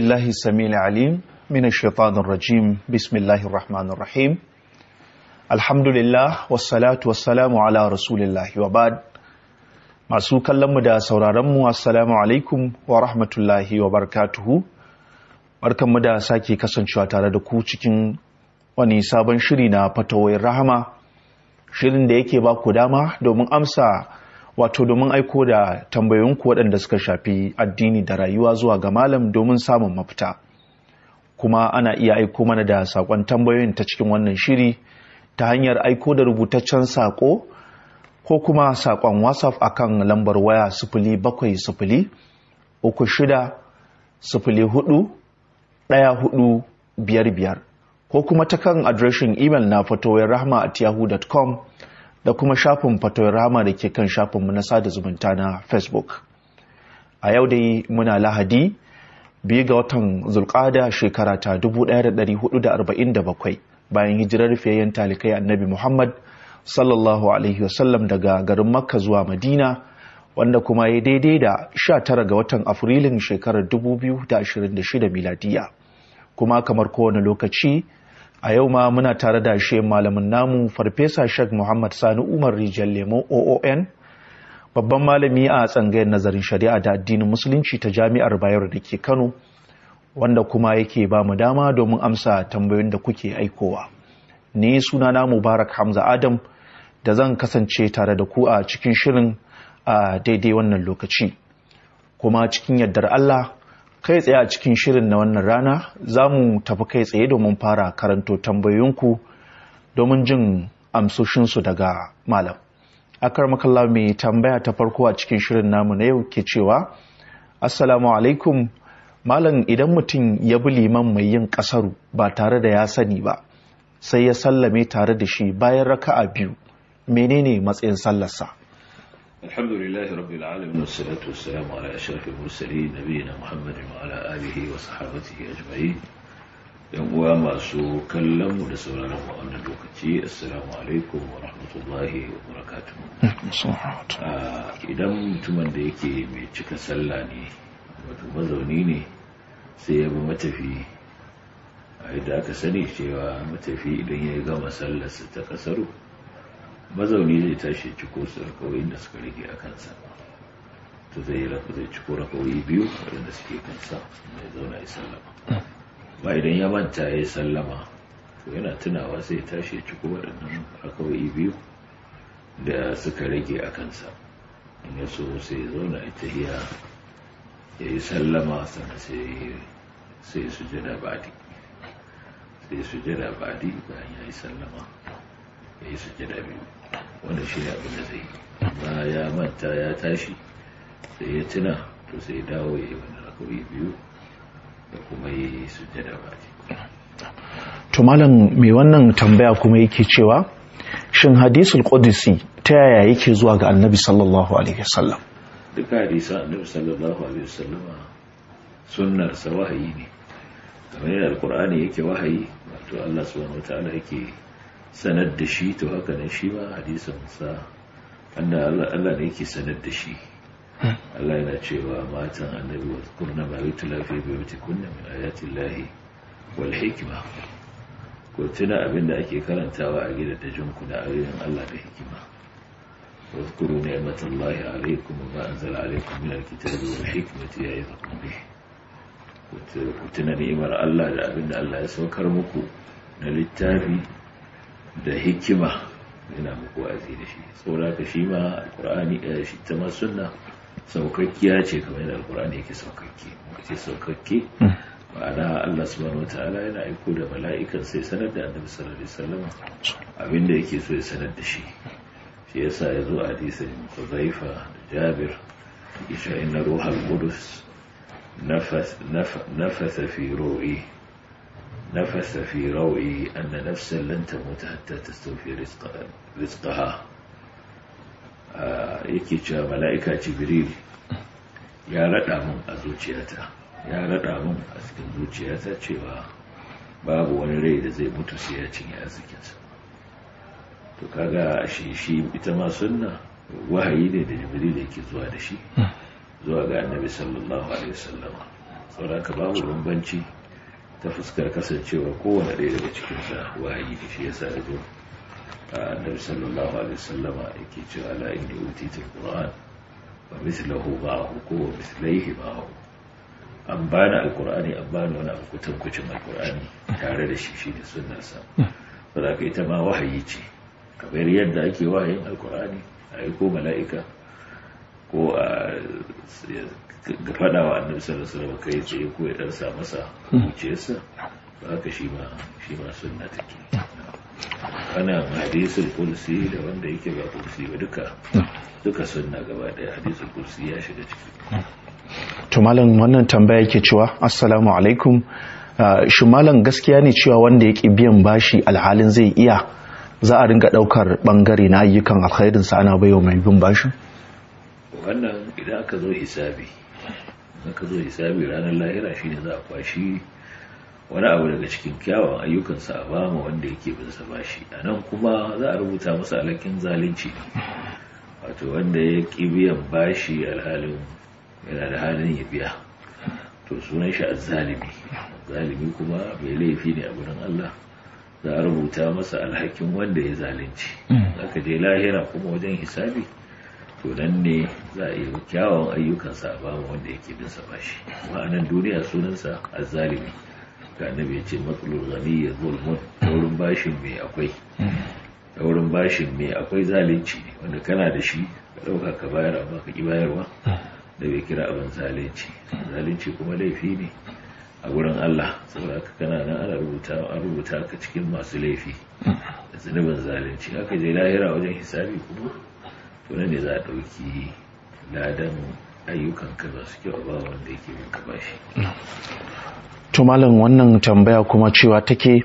بالله السميع العليم من الشيطان الرجيم بسم الله الرحمن الرحيم الحمد لله والصلاة والسلام على رسول الله وبعد masu mu da sauraronmu assalamu alaikum wa rahmatullahi wa barakatuhu mu da sake kasancewa tare da ku cikin wani sabon shiri na fatawai rahama shirin da yake ba ku dama domin amsa wato domin aiko da tambayoyinku waɗanda suka shafi addini da rayuwa zuwa ga malam domin samun mafita kuma ana iya aiko mana da saƙon tambayoyin ta cikin wannan shiri ta hanyar aiko da rubutaccen saƙo ko kuma saƙon whatsapp akan lambar waya sifili bakwai sifili uku shida sifili hudu ɗaya hudu biyar biyar ko kuma ta kan adireshin imel na fatowar rahma at yahoo.com da kuma shafin fatoyarama da ke kan shafinmu na sada zumunta na facebook a yau dai muna lahadi biyu ga watan zulkada shekara ta 1447 bayan hijirar fiyayyen talikai annabi muhammad sallallahu alaihi wasallam daga garin makka zuwa madina wanda kuma ya daidai da 19 ga watan afrilun shekarar 2026 miladiya kuma kamar kowane lokaci a yau ma muna tare da shi malamin namu farfesa shek muhammad sani umar rijiyar lemo oon babban malami a tsangayar nazarin shari'a da addinin musulunci ta jami'ar bayero da ke kano wanda kuma yake ba mu dama domin amsa tambayoyin da kuke aikowa ni sunana mubarak hamza adam da zan kasance tare da ku a cikin shirin a daidai wannan lokaci kuma cikin yardar allah kai tsaye a cikin shirin na wannan rana za mu tafi kai tsaye domin fara karanto tambayoyinku domin jin amsoshinsu daga malam akar makalla mai tambaya ta farko a cikin shirin namu na yau ke cewa assalamu alaikum malam idan mutum ya bi liman mai yin kasaru ba tare da ya sani ba sai ya sallame tare da shi bayan raka'a biyu menene matsayin sallarsa الحمد لله رب العالمين والصلاة والسلام على أشرف المرسلين نبينا محمد وعلى آله وصحابته أجمعين يوم ما سو كلم ونسأل الله أن لوكتي السلام عليكم ورحمة الله وبركاته idan mutumin da yake mai cika sallah ne wato mazauni ne sai ya bi matafi a yadda aka sani cewa matafi idan ya gama sallarsa ta kasaru mazauni zai tashi ciko su rakawai da suka rage a kansa to zai rafa zai ciko rakawai biyu waɗanda suke kansa mai zauna ya sallama ba idan ya manta ya sallama to yana tunawa sai tashi ciko ci waɗannan rakawai biyu da suka rage a kansa in ya so sai zauna ya tahiya ya yi sallama sannan sai ya sujada baɗi sai ya sujada baɗi bayan ya yi sallama ya yi su sujada biyu wanda shi ne abin da zai ba ya manta ya tashi sai ya tuna to sai dawo ya yi wani rakawi biyu da kuma yi jada ba to malam mai wannan tambaya kuma yake cewa shin hadisul qudsi ta yaya yake zuwa ga annabi sallallahu alaihi wasallam duka hadisan annabi sallallahu alaihi wasallam sunnar sa wahayi ne kamar yadda alqur'ani yake wahayi wato Allah subhanahu wataala yake sanar da shi to haka ne shi ba, hadisin sa anna Allah ne yake sanar da shi hmm. Allah yana cewa matan annabi wa kurna ma yutla fi biyutikunna min ayati llahi wal hikma ko tuna abin da ake karantawa a da ku da ayoyin Allah da hikima kuru ne واذكروا نعمة الله عليكم وما أنزل wa من الكتاب والحكمة يعظكم به ku tuna ni'imar Allah da abin da Allah ya saukar muku na littafi da hikima yana muku wa'azi da shi saboda shi ma alkur'ani eh, shi ta ma saukakkiya ce kamar yadda alkur'ani yake saukakke muka ce saukakke ma'ana Allah subhanahu wataala yana aiko da mala'ikan sai sanar da annabi sallallahu alaihi wasallam abinda yake so ya sanar da shi shi yasa ya zo a hadisin Huzaifa da Jabir yake inna ruhal qudus nafasa fi ru'i نفث في روعي أن نفسا لن تموت حتى تستوفي رزق رزقها yake cewa mala'ika jibril ya raɗa mun a zuciyata ya raɗa mun a cikin zuciyata cewa babu wani rai da zai mutu sai ya cinye arzikinsa to kaga shi shi ita ma sunna wahayi ne da jibril yake zuwa da shi zuwa ga annabi sallallahu alaihi sallama. saboda ka babu bambanci ta fuskar kasancewa kowane ɗaya daga cikinsa wahayi da shi yasa ya ido a annabi sallallahu alaihi wasallama yake cewa la ta utitul qur'an wa ba ma'ahu ko wa ba ma'ahu an bani alqur'ani an bani wani abu kucin alqur'ani tare da shi shine sa. ba za ka ita ma wahayi ce kamar yadda ake wahayin alqur'ani a yi ko mala'ika ko a ga faɗa wa annabi sallallahu alaihi wasallam kai tsaye ko ya dan sa masa hmm. zuciyarsa haka shi ma shi ma sunna take ana hadisul kursi da wanda yake ba kursi ba duka hmm. duka sunna gaba daya hadisul kursi ya shiga ciki hmm. to malam wannan tambaya yake cewa assalamu alaikum ah, shi malam gaskiya ne cewa wanda ya biyan bashi alhalin zai iya za a ringa daukar bangare na ayyukan alkhairinsa ana baiwa mai bin bashin wannan idan aka zo hisabi in ka zo hisabi ranar lahira shi ne za a kwashi wani abu daga cikin kyawun ayyukansa a bama wanda yake bin sa bashi a nan kuma za a rubuta masa alakin zalunci wato wanda ya ki biyan bashi alhalin yana da halin ya biya to sunan shi a zalimi zalimi kuma mai laifi ne a gurin Allah za a rubuta masa alhakin wanda ya zalunci hmm. zaka je lahira kuma wajen hisabi to nan ne za a yi kyawun sa a bamu wanda yake bin sa bashi ma'anan duniya sunansa azzalimi ga annabi ya ce matsalul gani ya zulmun wurin bashin mai akwai wurin bashin mai akwai zalunci ne wanda kana da shi ka dauka ka bayar amma ka ki bayarwa da bai kira abin zalunci zalunci kuma laifi ne a wurin Allah saboda kana nan ana rubuta an rubuta ka cikin masu laifi da zunubin zalunci aka je lahira wajen hisabi kuma Wani ne za a ɗauki ladan ayyukan ka za su ba wanda yake min ka bashi to malam wannan tambaya kuma cewa take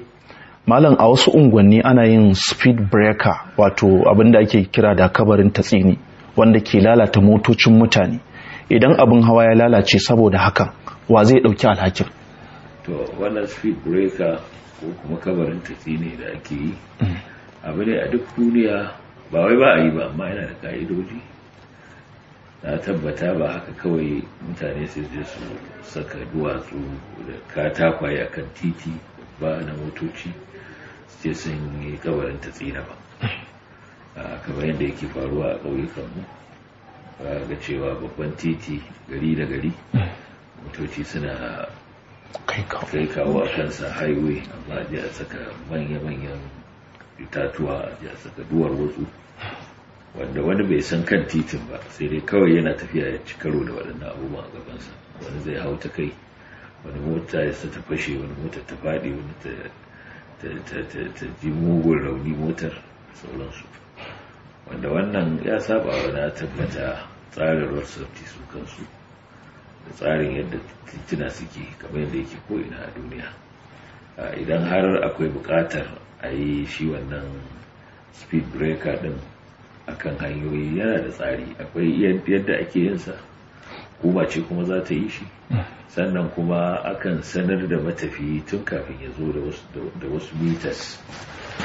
malam a wasu unguwanni ana yin speed breaker wato abinda ake kira da kabarin tatsini wanda ke lalata motocin mutane idan abin hawa ya lalace saboda hakan wa zai ɗauki alhakin to wannan speed breaker ko kuma kabarin tatsini da ake yi mm. abu ne a duk duniya ba wai ba a yi ba amma yana da ka'idoji na tabbata ba haka kawai mutane su je su saka duwatsu da katakwaye a kan titi ba na motoci su ce sun yi kawarin ta tsina ba kamar yadda yake faruwa a ƙauyukan a ga cewa babban titi gari da gari motoci suna kai kawo a kansa highway amma je a saka manya-manyan itatuwa a saka duwar wasu wanda wani bai san kan titin ba sai dai kawai yana tafiya ya ci karo da waɗannan abubuwan a gabansa wani zai hau ta kai wani mota ya ta fashe wani mota ta faɗi wani ta ji mugun rauni motar sauransu wanda wannan ya saba wani tabbata tsarin ruwan safety su kansu da tsarin yadda tituna suke kamar yadda yake ko'ina a duniya idan har akwai buƙatar a yi shi wannan speed breaker din akan hanyoyi yana da tsari akwai yadda ake yinsa kuma ce kuma za ta yi shi sannan kuma akan sanar da matafiyi tun kafin ya zo da wasu meters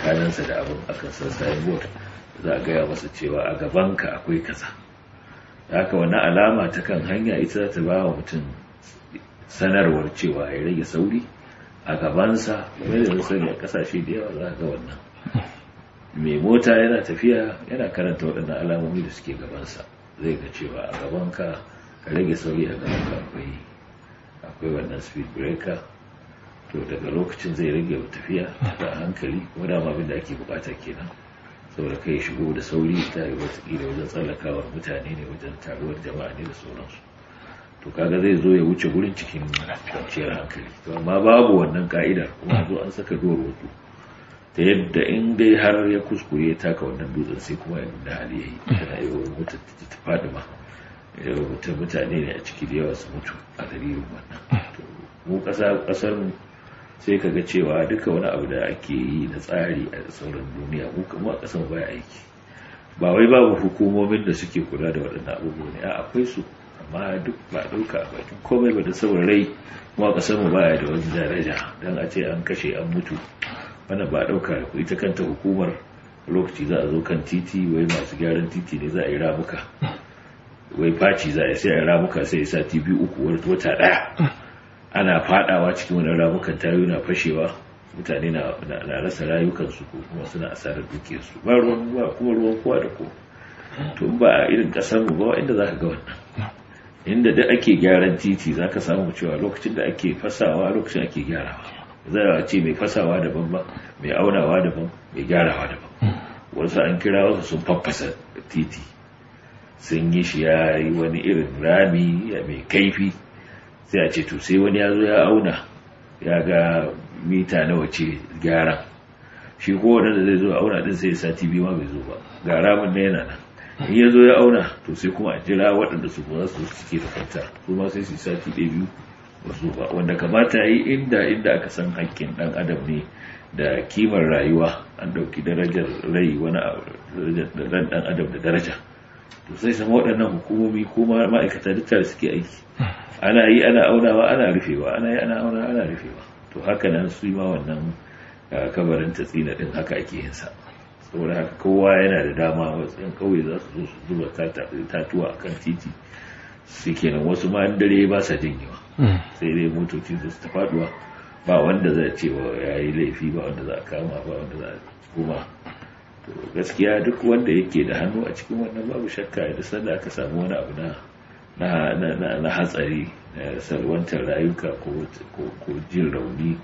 kanansa da abin akan san signboard za a gaya masa cewa a gaban ka akwai kaza haka wani alama ta kan hanya ita ta ba wa mutum sanarwar cewa ya rage sauri a gabansa game da sani a kasashe da yawa za ga wannan mai mota yana tafiya yana karanta waɗannan alamomi da suke gabansa zai ga cewa a gabanka ka rage sauri a gabanka akwai akwai wannan speed breaker to daga lokacin zai rage tafiya a hankali kuma da abin da ake bukata kenan saboda kai shigo da sauri ta yi wata wajen tsallakawar mutane ne wajen taruwar jama'a ne da sauransu to kaga zai zo ya wuce gurin cikin kwanciyar hankali to amma babu wannan ka'idar kuma zo an saka duwar wato ta yadda in dai har ya kuskure ya taka wannan dutsen sai kuma da hali ya yi tana yi wa wata ta fadi ma eh, ta mutane ne a ciki da yawa su mutu a dalilin wannan mu ƙasar mu sai ka ga cewa duka wani abu da ake yi na tsari a sauran duniya mu kuma ƙasar baya aiki ba wai babu hukumomin da suke kula da waɗannan abubuwa ne a akwai su amma duk ba komai ba da saboda rai kuma ba baya da wani daraja don a ce an kashe an mutu wannan ba ku ita kanta hukumar lokaci za a zo kan titi wai masu gyaran titi ne za a yi ramuka wai faci za a sai a ramuka sai sa tv uku wata ɗaya ana fadawa cikin wani ramukan tayo na fashewa mutane na rasa rayukansu ko kuma suna asarar dukiyarsu ba ruwan ba kuma ruwan kowa da ko to ba irin kasar mu ba inda za ka ga wannan inda da ake gyaran titi za ka samu cewa lokacin da ake fasawa lokacin ake gyarawa za a ce mai fasawa daban ba mai aunawa daban mai gyarawa daban hmm. wasu an kira wasu sun faffasa titi sun yi shi ya yi wani irin rami mai kaifi sai a ce to sai wani ya zo ya auna ya ga mita nawa ce gyaran shi kowane da zai zo auna din sai sati biyu ma bai zo ba ga ramin na yana nan ya zo ya auna to sai kuma a jira waɗanda su ba su suke kwanta su ma sai su sati ɗaya biyu ba su ba wanda kamata yi inda inda aka san hakkin ɗan adam ne da kimar rayuwa an ɗauki darajar rai wani ran ɗan adam da daraja to sai sama waɗannan hukumomi ko ma'aikata duk tare suke aiki ana yi ana aunawa ana rufewa ana yi ana aunawa ana rufewa to haka nan su yi ma wannan ah, kabarin tatsina ɗin haka ake sa. saboda haka kowa yana da dama matsayin kauye za su zo su zuba tatuwa a kan titi su kenan wasu ma dare ba sa janyewa hmm. sai dai motoci su ta faduwa ba wanda za a ce wa ya yi laifi ba wanda za a kama ba wanda za a kuma to gaskiya duk wanda yake da hannu a cikin wannan babu shakka da sanda aka samu wani abu na na hatsari eh, salwantar rayuka ko jin rauni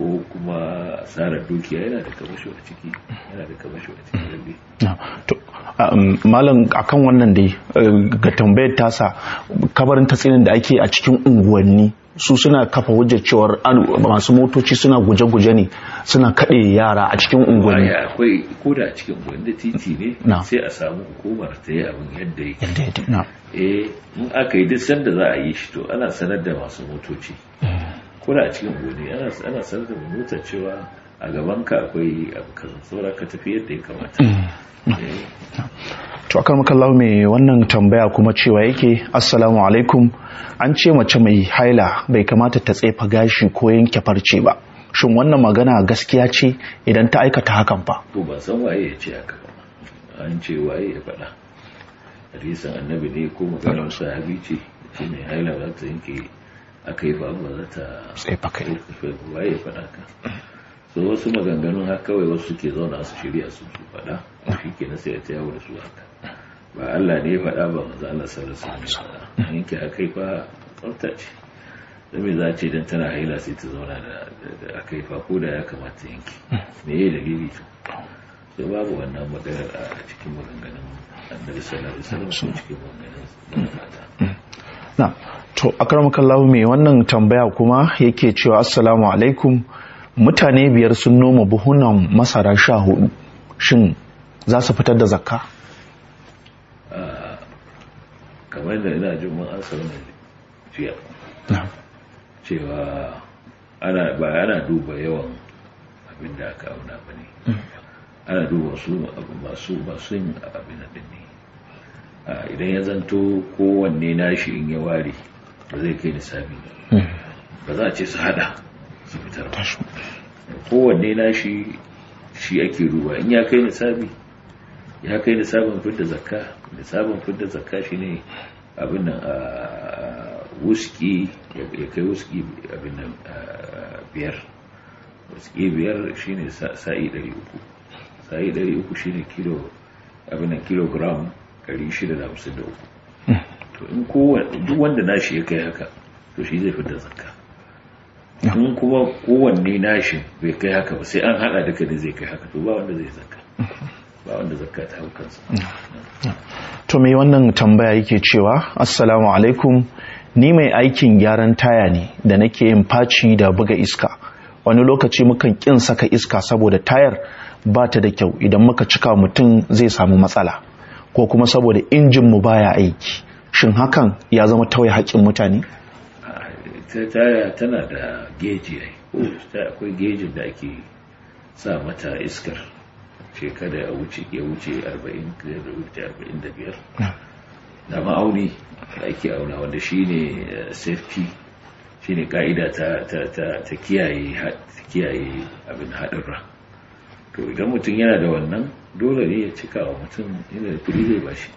ko kuma asarar dukiya yana da kamasho a ciki yana da kamasho a ciki lalle to um, malam akan wannan dai um, ga tambayar tasa kabarin tatsinin da ake a cikin unguwanni su suna kafa wajen cewar masu motoci suna guje-guje ne suna kaɗe yara a cikin unguwanni akwai ko da a cikin unguwanni da titi ne sai a samu hukumar ta yi abin yadda yake eh in aka yi duk sanda za a yi shi to ana sanar da masu motoci eh. kuskura a cikin goni ana ana sanar da mota cewa a gaban ka akwai abu kaza ka tafi yadda ya kamata mm. eh. to akan makallahu mai wannan tambaya kuma cewa yake assalamu alaikum an ce mace mai haila bai kamata ta tsefa gashi ko yanke farce ba shin wannan magana gaskiya ce idan ta aikata hakan fa to ba san waye ya ce haka ba an ce waye ya faɗa hadisin annabi ne ko maganar sahabi ce shi mai haila ba ta yanke aka yi ba za ta tsefa kai waye fada ka so wasu maganganun haka kawai wasu suke zauna su shirya su su faɗa shi ke na sai ta yawo da su haka ba Allah ne ya faɗa ba maza Allah sallallahu alaihi wasallam yanke akai fa tsafta ce don me za ce dan tana haila sai ta zauna da akai fa ko da ya kamata yanke me yayi dalili to so babu wannan maganar a cikin maganganun annabi sallallahu alaihi wasallam cikin maganganun mata hmm. hmm. na'am to akramakallahu mai wannan tambaya kuma yake cewa assalamu alaikum mutane biyar sun noma buhunan masara sha hudu shin za su fitar da zakka ah, kamar da ina jin mun an mai jiya cewa ana ba ana duba yawan abin da aka auna ba ne mm. ana duba su masu masu yin abin da ne ah, idan ya zanto kowanne nashi in ya ware ba zai kai nisabi ba hmm. za a ce su hada su fitar ba kowanne nashi shi ake ruwa in ya kai nisabi ya kai nisabin fidda zakka nisabin fidda zakka shine abin nan a wuski ya kai wuski abin nan biyar wuski biyar shine sa'i 300 sa'i 300 shine kilo abin nan kilogram 653 to in kowanne duk wanda nashi ya kai haka to shi zai fita zakka in kuma kowanne nashi bai kai haka ba sai an hada duka da zai kai haka to ba wanda zai zakka mm-hmm. ba wanda zakka ta kansa. to me wannan tambaya yake cewa assalamu alaikum ni mai aikin gyaran taya ne da nake yin faci da buga iska wani lokaci mukan kin saka iska saboda tayar ba ta da kyau idan muka cika mutum zai samu matsala ko kuma saboda injin mu baya aiki shin hakan ya zama tauye haƙƙin mutane ta tana da geji akwai gejin da ake sa mata iskar shekada ya wuce ya wuce 45 da ma'auni da ake auna wanda shi shine eh, safety ne ka'ida ta kiyaye abin ra. to idan mutum yana da wannan dole ne ya cika wa mutum yana da kuɗi zai shi.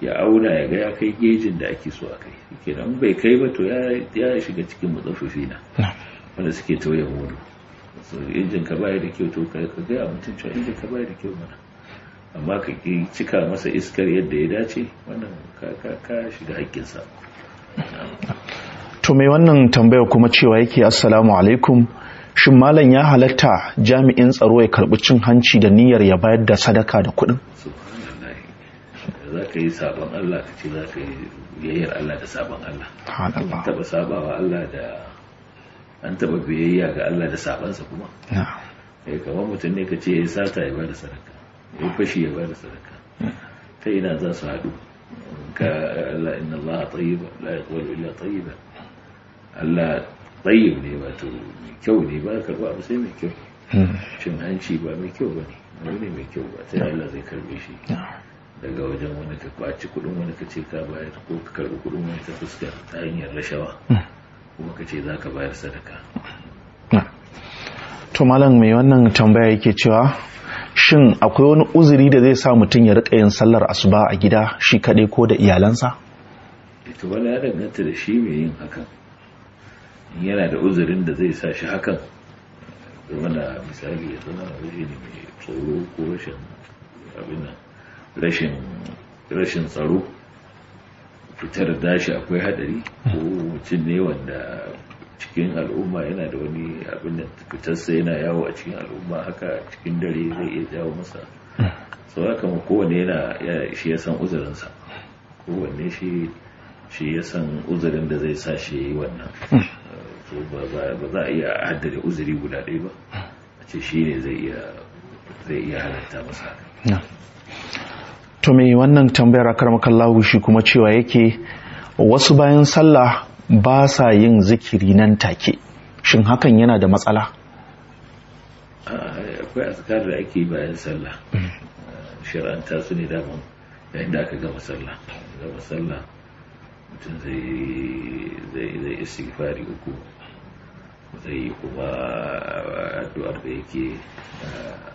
ya auna ya ga ya kai gejin da ake so a kai nan bai kai ba to ya shiga cikin matsafaffi na wanda suke tauye mudu so injin ka baya da kyau to ka ga a mutum cewa injin ka baya da kyau mana amma ka cika masa iskar yadda ya dace wannan ka shiga haƙƙinsa to mai wannan tambayar kuma cewa yake assalamu alaikum shin malam ya halatta jami'in tsaro ya karɓi cin hanci da niyyar ya bayar da sadaka da kuɗin za ka yi sabon Allah ka ce za ka yi biyayyar Allah da sabon Allah an taɓa sabawa Allah da an taɓa biyayya ga Allah da sabansa kuma eh kamar mutum ne ka ce ya sata ya bada sadaka ya yi fashi ya bada sadaka ta ina za su haɗu ka Allah inna Allah tayyiba la yaqbalu illa tsayiba. Allah tayyib ne ba to mai kyau ne ba karɓa ba sai mai kyau hmm. cin hanci ba mai kyau ba ne wani mai kyau ba sai Allah zai karbe shi daga wajen wani ka kwaci kuɗin wani ka ce ka bayar ko ka karbi kuɗin wani ta fuskar ta hanyar rashawa hmm. kuma ka ce za ka bayar sadaka hmm. to malam mai wannan tambaya yake cewa shin akwai wani uzuri da zai sa mutum ya rika yin sallar asuba a gida shi kaɗai ko da iyalansa ita eh, wani ya danganta da shi mai yin hakan yana da uzurin da zai sa shi hakan zama da misali ya zama ne mai tsoro ko rashin abin nan rashin tsaro fitar dashi akwai hadari ko mutum ne wanda cikin al'umma yana da wani abin da fitarsa yana yawo a cikin al'umma haka cikin dare zai iya jawo masa sau haka mu kowane yana shi ya san uzurinsa kowanne shi ya san uzurin da zai sa shi yi wannan so ba za a iya haddare uzuri guda ɗaya ba a ce shi ne zai iya halatta masa to me wannan tambayar makallahu shi kuma cewa yake wasu bayan sallah ba sa yin zikiri nan take shin hakan yana da matsala ah, akwai askar da ake bayan sallah hmm. ah, shiranta su ne daban yayin da aka gama sallah gama sallah mutum zai zai istighfari uku zai yi kuma addu'ar da yake ah,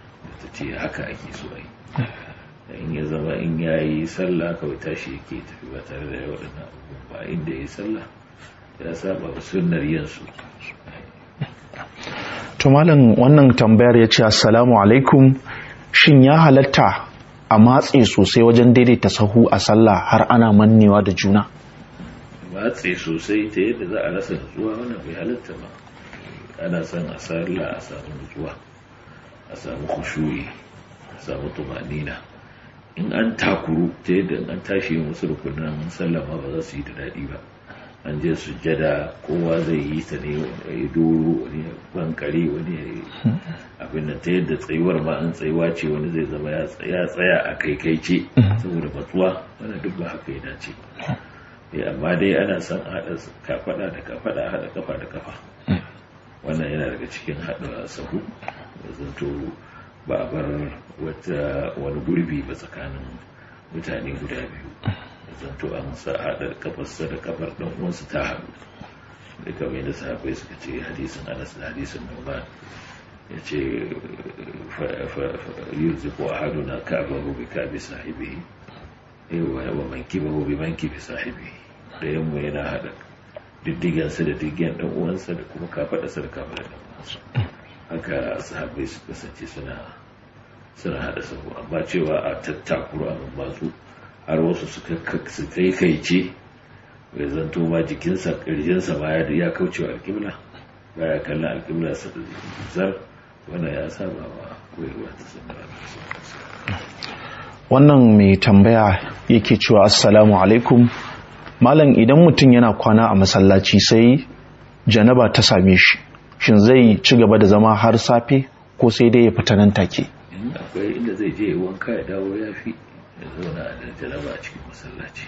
ta ce haka ake so a in ya zama in ya yi sallah kawai tashi yake tafi ba tare da waɗannan abubuwan ba inda ya yi sallah ya saba wa sunar yansu to wannan tambayar ya ce assalamu alaikum shin ya halatta a matse sosai wajen daidaita sahu a sallah har ana mannewa da juna matse sosai ta yadda za a rasa nutsuwa wannan bai halatta ba ana son a sallah a samu nutsuwa a samu kushuri a samu tumanina in an takuru ta yadda an tashi yin wasu rukunan sallama ba za su yi da daɗi ba an je jada kowa zai yi ta ne ya doro wani ya bankare wani ya abin da ta yadda tsayuwar ma an tsayuwa ce wani zai zama ya tsaya a kai-kai ce mm-hmm. saboda batuwa wani duk ba haka ya dace eh, amma dai ana son haɗa kafaɗa da kafaɗa haɗa kafa da kafa mm. wannan yana daga cikin haɗa sahu zato ba a bar wata wani gurbi ba tsakanin mutane guda biyu zanto an sa haɗa kafarsa da kafar ɗan uwansa ta haɗu da kamar yadda sahabai suka ce hadisin anas da hadisin numan ya ce yanzu ko na ka'abahu rubi ka'abi sahibi yawa eh, yawa mankibahu bi mankibi sahibi da yamma yana haɗa diddigansa da diddigan ɗan uwansa da kuma kafaɗarsa da kafaɗar ɗan uwansa haka sahabbai su kasance suna suna hada sahu amma cewa a tattakuru a mammatsu har wasu su kai kai ce bai zanto ma jikinsa ƙirjinsa ma ya kaucewa alƙibla ba ya kalla alƙibla zar wanda ya saba wa koyarwa ta sanar wannan mai tambaya yake cewa assalamu alaikum malam idan mutum yana kwana a masallaci sai janaba ta same shi shin zai ci gaba da zama har safe ko sai dai ya fita nan take akwai inda zai je wanka ya dawo ya fi ya zauna da jaraba a cikin masallaci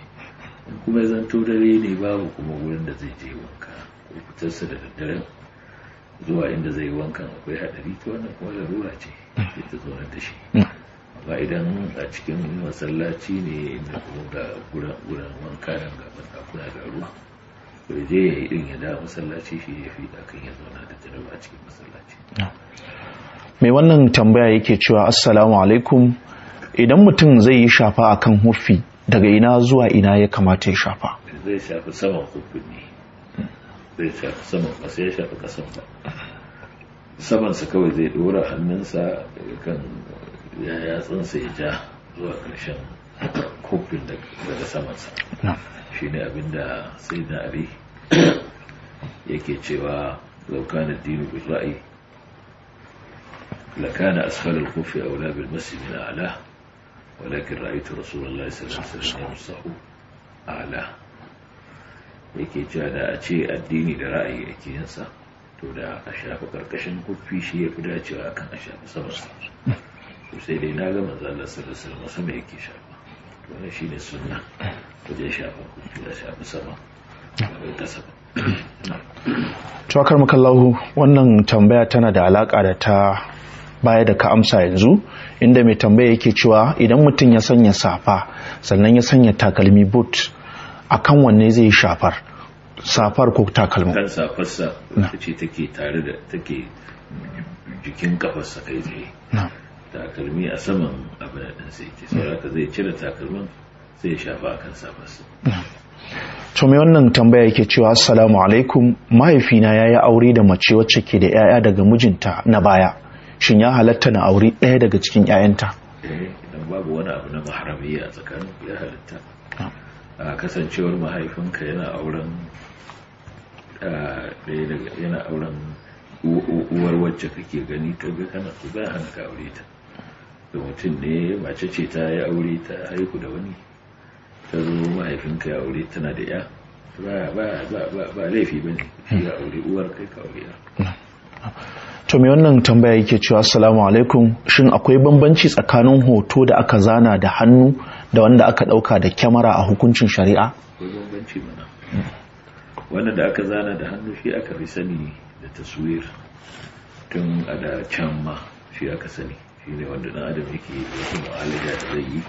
kuma ya zanto dare ne babu kuma wurin da zai je wanka ko fitarsa da daddare zuwa inda zai wankan akwai haɗari ta wannan kuma larura ce ta zaunar da shi mm. amma idan a cikin masallaci ne inda kuma ga guran wanka nan ga kuna ga ruwa to je ya yi ya da masallaci shi ya fi akan ya zauna da tarbi a cikin masallaci mai wannan tambaya yake cewa assalamu alaikum idan mutum zai yi shafa akan hufi daga ina zuwa ina ya kamata ya shafa zai shafi saman hufin ne zai shafi saman ba sai ya shafi kasan ba saman sa kawai zai dora hannunsa kan yatsunsa ya ja zuwa karshen hufin daga saman sa shi ne abinda sai da ari yake cewa zaukanar dinu bin ra'ayi لكان أسفل الخف أولى بالمس من أعلاه ولكن رأيت رسول الله صلى الله عليه وسلم يمسه yake cewa da a ce addini da ra'ayi ake yinsa to da a shafa ƙarƙashin kufi shi ya fi dacewa kan a shafa samarsa to sai dai na gama zalla sallallahu alaihi wasallam yake shafa to ne shine sunna wajen shafa kufi da shafi sama Cewakar makallahu wannan tambaya tana da alaƙa da ta baya da ka amsa yanzu inda mai tambaya yake cewa idan mutum ya sanya safa sannan ya sanya takalmi boot kan wanne zai shafar safar ko takalmi kan safarsa ce take tare da take jikin kafarsa kai tsaye takalmi a saman abin da sai ke sauraka zai cire takalmin sai ya shafa akan safarsa to mai wannan tambaya yake cewa assalamu alaikum mahaifina ya yi aure da mace wacce ke da 'ya'ya daga mijinta na baya shin ya halatta na aure ɗaya daga cikin 'ya'yanta idan babu wani abu na a tsakanin ya halatta ah. a kasancewar mahaifinka yana auren yana uwar wacce kake gani ta ga kana ku ba hana ka aure ta da mutum ne mace ce ta yi aure ta haihu da wani ta zo mahaifinka ya aure tana da ya ba laifi ba ne ya hmm. aure uwar kai ka aure hmm. to mai wannan tambaya yake cewa assalamu alaikum shin akwai bambanci tsakanin hoto da aka zana da hannu da wanda aka dauka da kyamara a hukuncin shari'a akwai bambanci mana wanda da aka zana da hannu shi aka fi sani da taswir tun a da can ma shi aka sani shi ne wanda dan adam yake yake mu'alaja da zai yi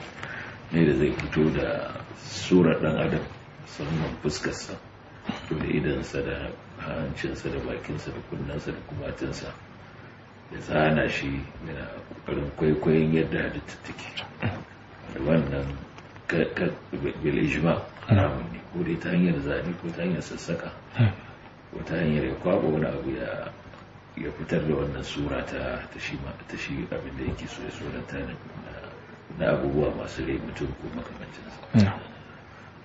ne da zai fito da surar ɗan adam sannan fuskarsa to da idansa da hancinsa da bakinsa da sa da kumatinsa ya tsana shi yana ƙoƙarin kwaikwayon yadda da take da wannan bilijima haramun ne ko dai ta hanyar zane ko ta hanyar sassaka ko ta hanyar ya kwaba wani abu ya ya fitar da wannan sura ta ta shi abin da yake so ya surata na abubuwa masu rai mutum ko makamancinsa Hmm.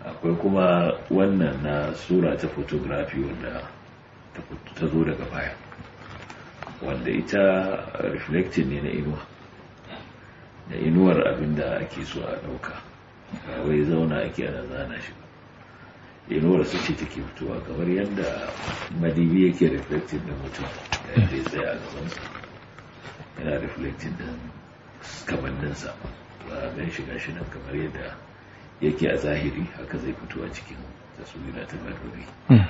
akwai kuma wannan na sura ta photography wanda ta zo daga baya wanda ita reflecting ne na inuwa da inuwar da ake so a dauka wai zauna ake ana zana shi inuwar su ce take fitowa kamar yadda madibi yake reflecting da mutum da ya tsaye a gabansa yana reflecting din kamanninsa ba ban shiga shi nan kamar yadda yake a zahiri haka zai fito a cikin tasirina ta madubi hmm.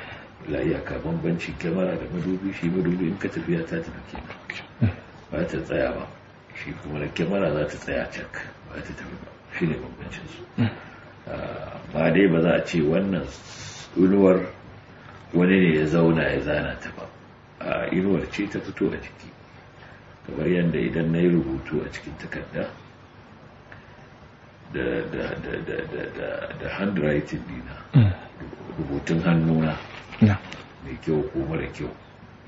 la iyaka bambancin kyamara da madubi shi madubi in ka tafiya ta tafi kenan hmm. ba ta tsaya ba shi kuma da kyamara za ta tsaya cak ba ta tafi ba shi ne bambancin su hmm. ah, ba dai ba za a ce wannan inuwar wani ne ya zauna ya zana ta ba a ah, inuwar ce ta fito a ciki kamar yadda idan na yi rubutu a cikin takarda da handwriting dina mm. rubutun hannuna mai kyau ko mara kyau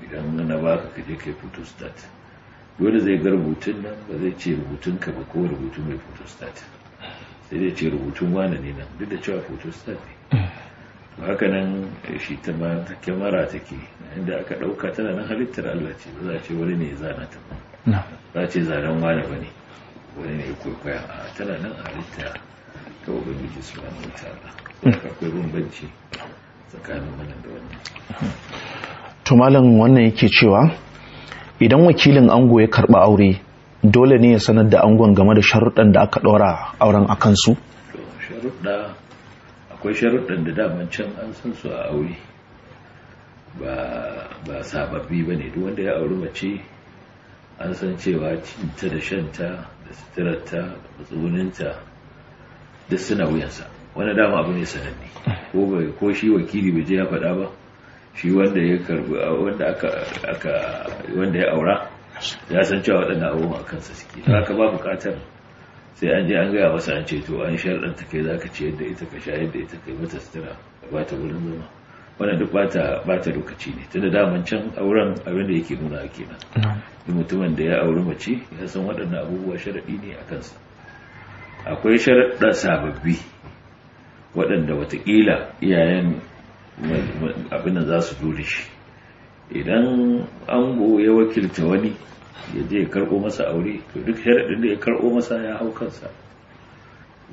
idan na baka ka je kai photostat dole zai ga rubutun nan ba zai ce rubutun ka ba ko rubutun mai photostat sai dai ce rubutun wani ne nan duk da cewa photostat ne mm. to haka nan eh, shi ta ma ta kyamara ta ke inda aka ɗauka tana nan halittar Allah ce ba za a ce wani ne ya zana ta ba za a ce zanen wani ba ne wani ne kwaikwaya a tana nan a halitta ta su mota ba akwai bambanci tsakanin wannan da wannan tumalin wannan yake cewa idan wakilin ango ya karba aure dole ne ya sanar da angon game da sharuɗan da aka ɗora auren a kansu sharuɗa akwai sharuɗan da daman can an san su a aure ba sababbi ba ne duk wanda ya auri mace an san cewa cinta da shanta suturarta tsuguninta duk suna wuyansa wani dama abu ne sananne ko shi wakili bai je ya faɗa ba shi wanda ya karbi wanda ya aura ya san cewa waɗannan abu a kansa suke to aka ba buƙatar sai an je an gaya masa an ce to an sharɗanta kai za ka ce yadda ita ka sha yadda ita ka yi mata sutura ba ta wurin zama wannan duk bata ta lokaci ne tunda daman can auren abin da yake nuna kenan duk mutumin da ya auri mace ya san waɗannan abubuwa sharaɗi ne a kansa akwai sharaɗa sababbi waɗanda watakila iyayen abin da za su dole shi idan ango ya wakilta wani ya je ya karɓo masa aure to duk sharaɗin da ya karɓo masa ya hau kansa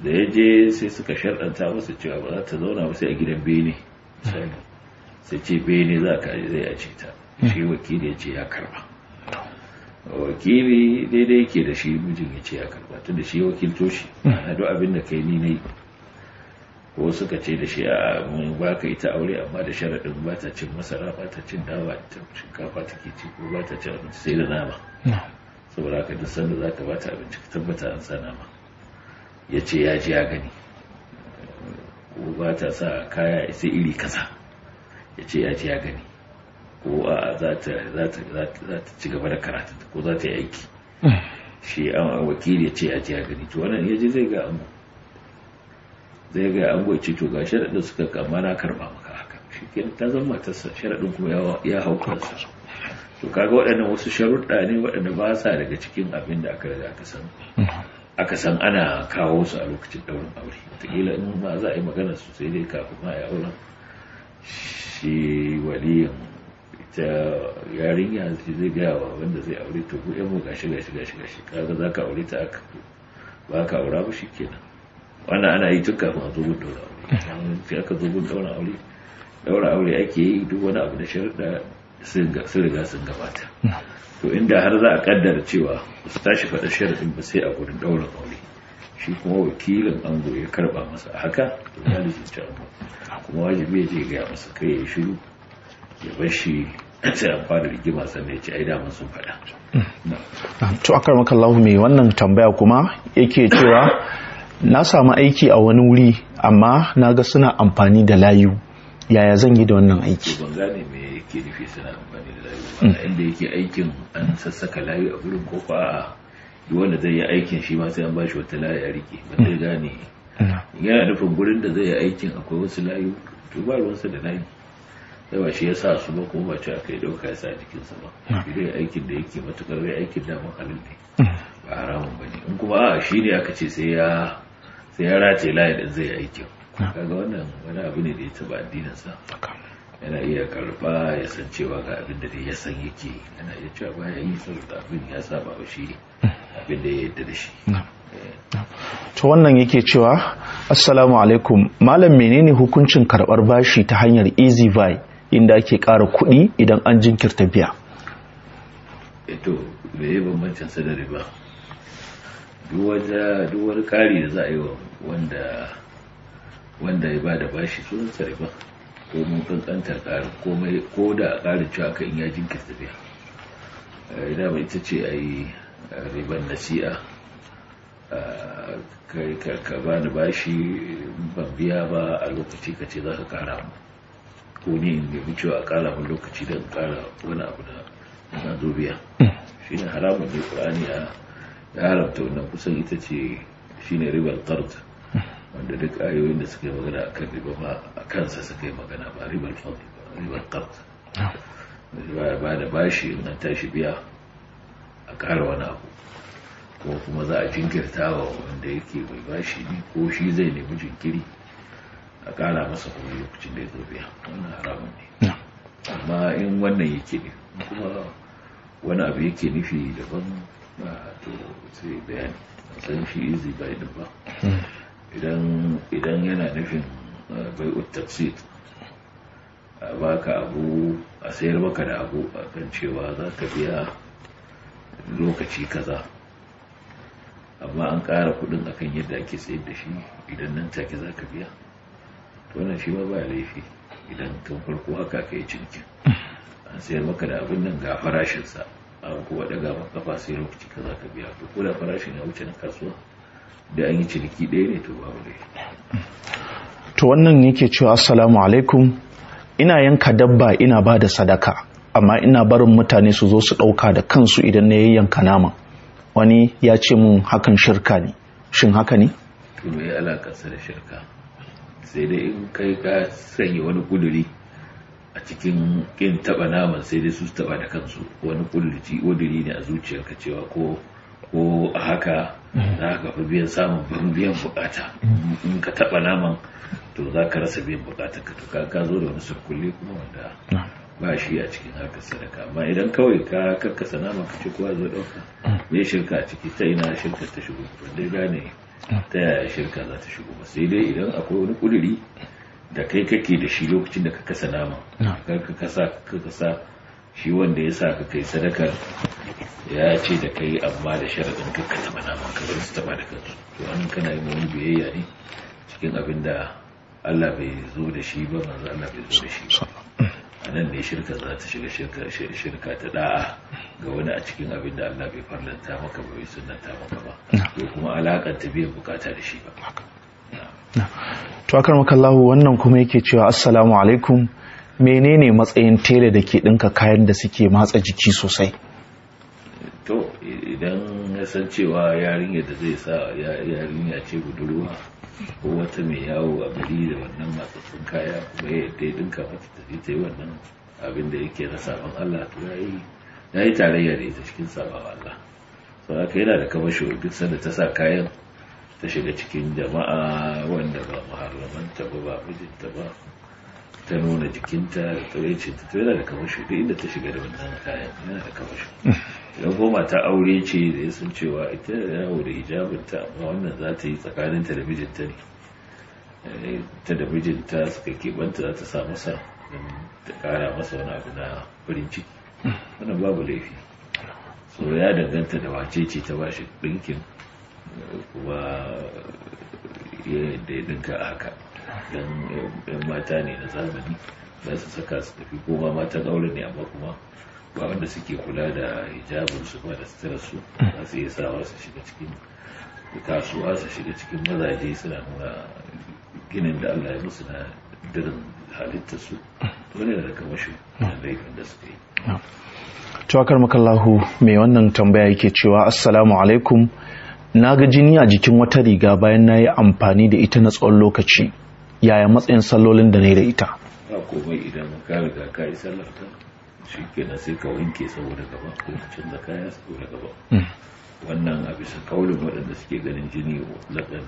da ya je sai suka sharɗanta masa cewa ba za ta zauna ba sai a gidan bene sai ce bene za ka zai a ce ta shi wakili ya ce ya karba wakili daidai yake da shi mijin ya ce ya karba tun da shi wakilto shi a duk abin da kai ni na yi ko suka ce da shi a mun ba ka ita aure amma da sharaɗin ba ta cin masara ba ta cin dawa ta shinkafa ta ke ci ko ba ta cin abinci sai da nama saboda haka duk sanda za ka ba ta abinci ka tabbata an sa nama ya ce ya ji ya gani ko ba ta sa kaya sai iri kaza ya ce ya ce ya gani ko a za ta ci gaba da karatu ko za ta yi aiki shi wakili ya ce ya ce ya gani to wannan ya je zai ga ango zai ga ango ce to ga sharaɗin suka kama na karɓa maka haka shi ke ta zama ta sharaɗin kuma ya hau kansa to kaga waɗannan wasu sharuɗa ne waɗanda ba sa daga cikin abin da aka riga aka san aka san ana kawo su a lokacin daurin aure wataƙila in ma za a yi magana su sai dai kafin ma ya auren shi waliyan ita yarinya shi zai gaya wa wanda zai aure ta ku mu gashi gashi gashi gashi kaga za ka aure ta aka ba ka aura ba kenan wannan ana yi tun kafin a zo daura aure sai aka zo gun daura aure daura aure ake yi duk wani abu da sharuɗa sun riga sun gabata to inda har za a kaddara cewa su tashi faɗa sharaɗin ba sai a gurin daura aure shi kuma wakilin ango ya karba masa haka to ya ango kuma wajibi ya je gaya masa kai ya shiru ya bar shi sai an fara rigima sannan ya ce ai daman sun faɗa hmm. ah, to akar makallahu mai wannan tambaya kuma yake cewa na samu aiki a wani wuri amma na ga suna amfani da layu yaya zan yi da wannan aiki ban gane me yake nufi suna amfani da layu hmm. inda yake aikin an sassaka layu a gurin ko a wanda zai yi aikin shi ma sai an bashi wata layi a rike wanda mm. gane mm. yana nufin gurin da zai yi aikin akwai wasu layu to ba ruwansa da layi sai ba shi ya sa su ba kuma ba ci aka yi ɗauka ya sa jikin sa ba mm. shi dai aikin da yake matukar ya aikin damar halin ne ba haramun ba ne in kuma a shi ne aka ce sai ya sai ya race layi da zai yi aikin kaga wannan wani abu ne da ya taɓa sa yana iya karba ya san cewa ga abin da ya san yake yana iya cewa ba ya yi saboda abin ya saba ba shi abin da ya yarda da shi eh. to wannan yake cewa assalamu alaikum malam menene hukuncin karbar bashi ta hanyar easy buy inda ake ƙara kuɗi idan an jinkirta biya eto eh me ya bambancin sa da riba duk wani ƙari da za a yi wanda wanda ya ba da bashi sun sa ba ko mun kankantar ƙarin komai ko da ƙarin cewa ka in ya jinkirta biya ina eh, mai ita ce a yi riban nasi'a eh, ka ba ni bashi ban biya ba a lokaci ka ce za ka ƙara mu ko ne in nemi cewa a ƙara mu lokaci don ƙara wani abu da na zo biya shi ne haramun ne ƙur'ani ya haramta wannan kusan ita ce shi ne ribar ƙarta wanda duk ayoyin da suka yi magana a kan riba ba a kansa suka yi magana ba ribar fadl ba ribar qard ah. riba ba da bashi in an tashi biya a ƙara wani abu ko kuma za a jinkirta wa wanda yake mai bashi ne ko shi zai nemi jinkiri a ƙara masa kuma lokacin da ya zo biya wannan haramun ne amma in wannan yake ne kuma wani abu yake nufi daban ah, to sai bayani san shi izi bai ba idan yana nufin eh, bai tafsir a baka abu a sayar maka da abu a kan cewa za ka biya lokaci kaza amma an ƙara kudin akan yadda ake sayar da shi idan nan take za ka biya to shi ma ba laifi idan tun farko haka ka yi cinikin an sayar maka da abin nan ga farashinsa an kuwa daga maka sai lokaci kaza ka biya to ko farashin ya wuce na kasuwa da an yi ciniki ɗaya ne to babu ne to wannan yake cewa assalamu alaikum ina yanka dabba ina ba da sadaka amma ina barin mutane su zo su ɗauka da kansu idan na yanka nama wani ya ce mun hakan shirka ne shin haka ne? to me alakarsa da shirka sai dai in kai ka sanya wani kuduri a cikin kin taba naman sai dai su taba da kansu wani kuduri ne a zuciyarka cewa ko ko haka za ka fi biyan samun burin biyan bukata in ka taɓa naman to za ka rasa biyan bukata ka to ka zo da wani surkulle kuma wanda ba shi a cikin haka sadaka amma idan kawai ka karkasa naman ka ci kowa zo ɗauka mm. me shirka a ciki ta ina shirka ta shigo wanda ya gane mm. ta yaya shirka za ta shigo ba sai dai idan akwai wani kuduri da kai kake da shi lokacin da ka kasa nama ka kasa ka kasa shi wanda ya sa ka kai sadakar ya ce da kai amma da sharaɗin ka taɓa naman ka su taba da kansu to an kana yi wani biyayya ne cikin abin da Allah bai zo da shi ba manzo Allah bai zo da shi ba a nan ne shirka za ta shiga shirka ta da'a ga wani a cikin abin da Allah bai farlanta maka ba bai sunanta maka ba ko kuma ta biyan bukata da shi ba to akar makallahu wannan kuma yake cewa assalamu alaikum menene matsayin tele da ke ɗinka kayan da suke matsa jiki sosai to idan ya san cewa yarinya da zai sa yarinya ce budurwa ko wata mai yawo a gari da wannan matsatsun kaya kuma ya yadda ya dinka mata ta yi wannan abin da yake na sabon Allah to ya yi ya yi tarayya da ita cikin sabon Allah sau haka yana da kamar shi duk sanda ta sa kayan ta shiga cikin jama'a wanda ba muharramanta ba ba mijinta ba ta nuna jikinta da tsawaicinta to yana da kamar shi duk inda ta shiga da wannan kayan yana da kamar shi idan ko mata aure ce da ya san cewa ita da yawo da ta amma wannan za ta yi tsakaninta da mijinta ne eh, ta da mijinta suka keɓanta za ta sa masa ta kara masa wani abu na farin ciki wannan babu laifi so ya danganta da wace ce ta bashi ɗinkin eh, kuma yadda ya dinka a haka don yan eh, mata ne na zamani za su saka su tafi ko ma matan aure ne amma kuma ba wanda suke kula da hijabin su ba da sitirar su za su iya wa su shiga cikin kasuwa su shiga cikin mazaje suna nuna ginin da Allah ya musu na dirin halittar su dole da kamar shi laifin da suka yi Tuwakar makallahu mai wannan tambaya yake cewa Assalamu alaikum na ga jini a jikin wata riga bayan na yi amfani da ita na tsawon lokaci yaya matsayin sallolin da na yi da ita. Ba komai idan ka riga ka yi sallar shi kenan sai ka wanke saboda gaba ko ka canza ya saboda gaba hmm. wannan a bisa kaulin waɗanda suke ganin jini laɗin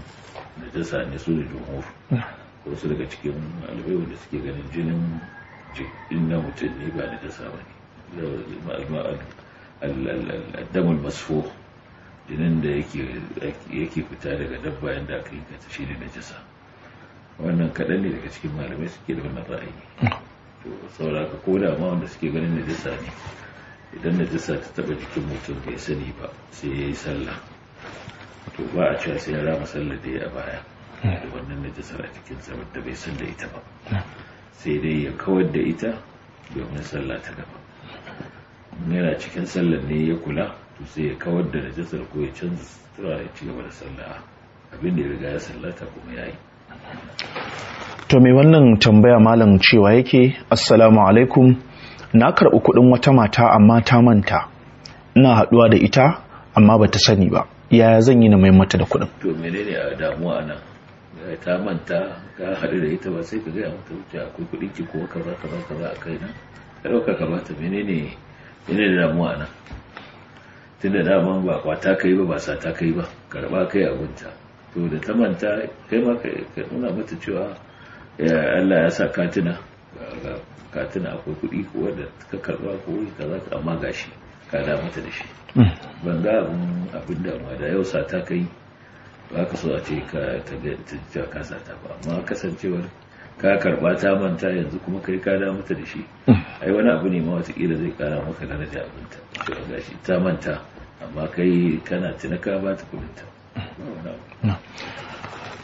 da jasa ne su da jumhur hmm. wasu daga cikin malamai wanda suke ganin jinin jikin na mutum ne ba da jasa ba ne damar masfo jinin da yake fita daga dabba yadda aka yi shi ne na jisa. wannan kaɗan ne daga cikin malamai suke da wannan ra'ayi hmm. to sauraka ko da ma wanda suke ganin najasa ne idan najasa ta taba jikin mutum bai sani ba sai ya yi sallah to ba a cewa sai ya rama sallah da ya a baya da wannan najasar a cikin jikinsa da bai san da ita ba sai dai ya kawar da ita domin sallah ta gaba yana cikin sallar ne ya kula to sai ya kawar da najasar ko ya canza sutura ya ci gaba da sallah abin da ya riga ya sallata kuma ya yi to mai wannan tambaya malam cewa yake assalamu alaikum na karɓi kuɗin wata mata amma ta manta ina haɗuwa da ita amma ba ta sani ba yaya zan yi na mai mata da kuɗin to menene a damuwa nan eh, ta manta ka haɗu da ita ba sai ka gaya mata wuce akwai kuɗin ki ko kaza kaza kaza a kai na ka kamata ka bata menene da damuwa na tun da daman ba ta kai ba ba sa ta kai ba karɓa kai a gunta. to da ta manta kai ma ka nuna mata cewa Allah ya sa katina katina akwai kuɗi ko wanda ka karba ko kaza amma gashi ka da mata da shi mm. ban ga abin abin da ma da yau sata kai ba ka so a ce ka ta ka sata ba amma kasancewar ka karba ta manta yanzu kuma kai ka da mata da shi mm. ai wani abu ne ma kira zai kara maka daraja abinta cewa gashi ta manta amma kai kana tunaka ba ta kuɗinta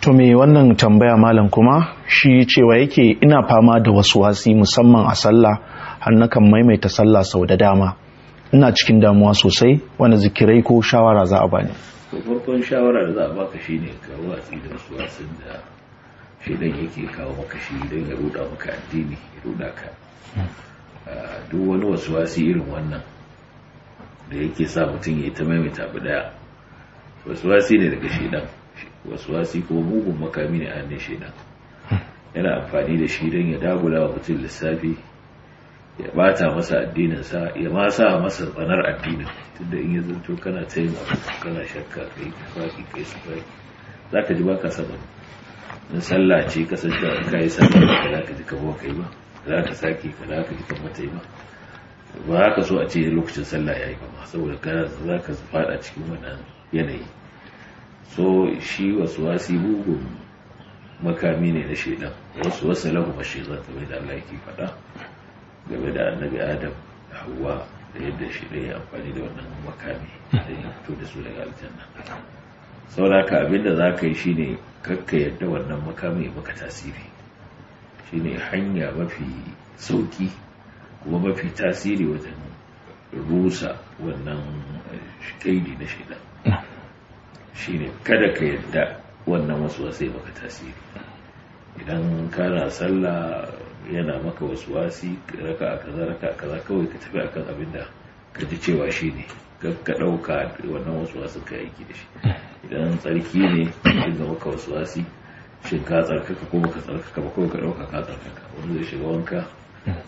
to me wannan tambaya malam kuma shi cewa yake ina fama da wasu wasi musamman a sallah har nakan maimaita sallah sau da dama ina cikin damuwa sosai wani zikirai ko shawara za a bani to farkon shawara da za a baka shine ka watsi da wasu wasin da shedan yake kawo maka shi don ya ruda maka addini ya ruda ka duk wani wasu wasi irin wannan da yake sa mutum ya ta maimaita abu daya wasu wasi ne daga shedan waswasi ko mugun makami ne a hannun shaidan yana amfani da shi don ya dagula wa mutum lissafi ya bata masa addininsa ya ma sa masa tsanar addinin tunda in ya zanto kana ta yin abu kana shakka kai ka kai tufaki za ka ji ba ka saba in sallah ce kasance in ka yi sallah ba za ka ji kabo kai ba za ka sake ka za ka ji kan mata yi ba ba za ka so a ce lokacin sallah ya yi ba saboda kana za ka faɗa cikin wannan yanayi so shi wasu wasi bugun makami ne na shaidan wasu wasu shi zata game da Allah yake faɗa game da annabi adam da hawa da yadda shi da ya amfani da wannan makami da ya fito da su daga aljanna sauraka abinda za ka yi shine kakka yadda wannan makami ya maka tasiri Shi ne hanya mafi sauki kuma mafi tasiri wajen rusa wannan eh, kaidi na shaidan shine kada ka yadda wannan waswasi maka tasiri idan kana sallah yana maka wasu raka a kaza raka a kaza kawai ka tafi akan abin da ka ji cewa shi ne ka ɗauka wannan waswasin ka aiki da shi idan tsarki ne inda maka waswasi shin ka tsarkaka ko baka tsarkaka ba kawai ka ɗauka ka tsarkaka wani zai shiga wanka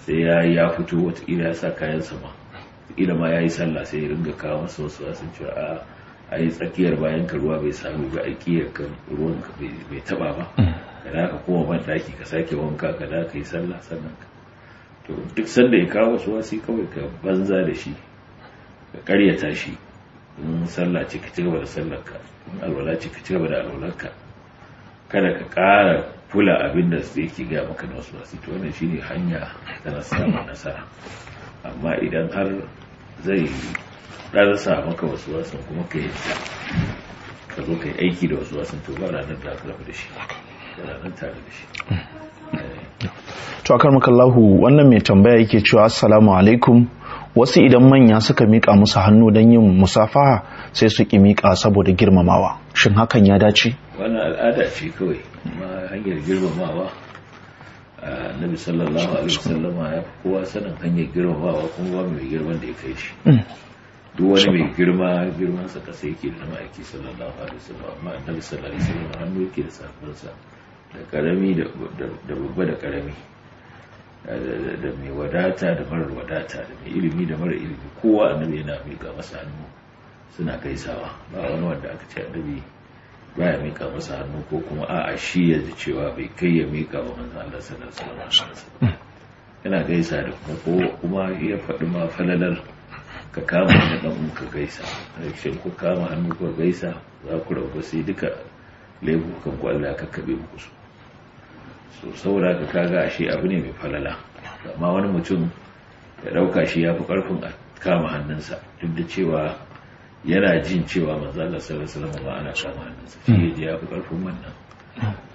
sai ya ya fito wataƙila ya sa kayan sama ila ma ya yi sallah sai ya ringa kawo masa wasu wasu cewa a a yi tsakiyar bayan ka ruwa bai samu ba a kiyar ka ruwan ka bai taba ba hmm. ka da ka koma ban daki ka sake wanka ka da ka yi sallah sannan ka to duk sanda ya kawo wasu wasi kawai ka banza da shi ka karyata shi in sallah ce ka cigaba da sallar ka in alwala ce ka cigaba da alwalar ka kada ka ƙara fula abin da yake gaya maka da wasu wasi to wannan shine hanya ta na samun nasara amma idan har zai rasa maka wasu wasan kuma ka yi ka zo ka yi aiki da wasu wasan to ba nan da aka da shi ranar tare da shi to akar makallahu wannan mai tambaya yake cewa assalamu alaikum wasu idan manya suka miƙa musu hannu don yin musafaha sai su ki miƙa saboda girmamawa shin hakan ya dace wannan al'ada ce kawai amma hanyar girmamawa nabi sallallahu alaihi wasallama ya kowa sanin hanyar girmamawa kuma ba mai girman da ya kai shi mm. duk wani mai girma girman sa kasa yake da ma'aiki sallallahu alaihi wasallam amma annabi sallallahu alaihi wasallam hannu ke da sa da karami da babba da karami da mai wadata da mara wadata da mai ilimi da mara ilimi kowa annabi yana miƙa masa hannu suna gaisawa ba wani wanda aka ce annabi baya miƙa masa hannu ko kuma a'a shi ya ji cewa bai kai ya miƙa ba manzon Allah sallallahu alaihi wasallam hmm. yana gaisa da kuma kuma ya faɗi ma falalar ka kama da ɗan ka gaisa shi ku kama hannu ka gaisa za ku rabu sai duka laifukan ku Allah ka kabe muku su so saboda ka kaga ashe abu ne mai falala amma wani mutum ya ɗauka shi ya fi ƙarfin a kama hannunsa duk da cewa yana jin cewa manzo Allah sallallahu alaihi wasallam ana kama hannunsa shi ya fi ƙarfin wannan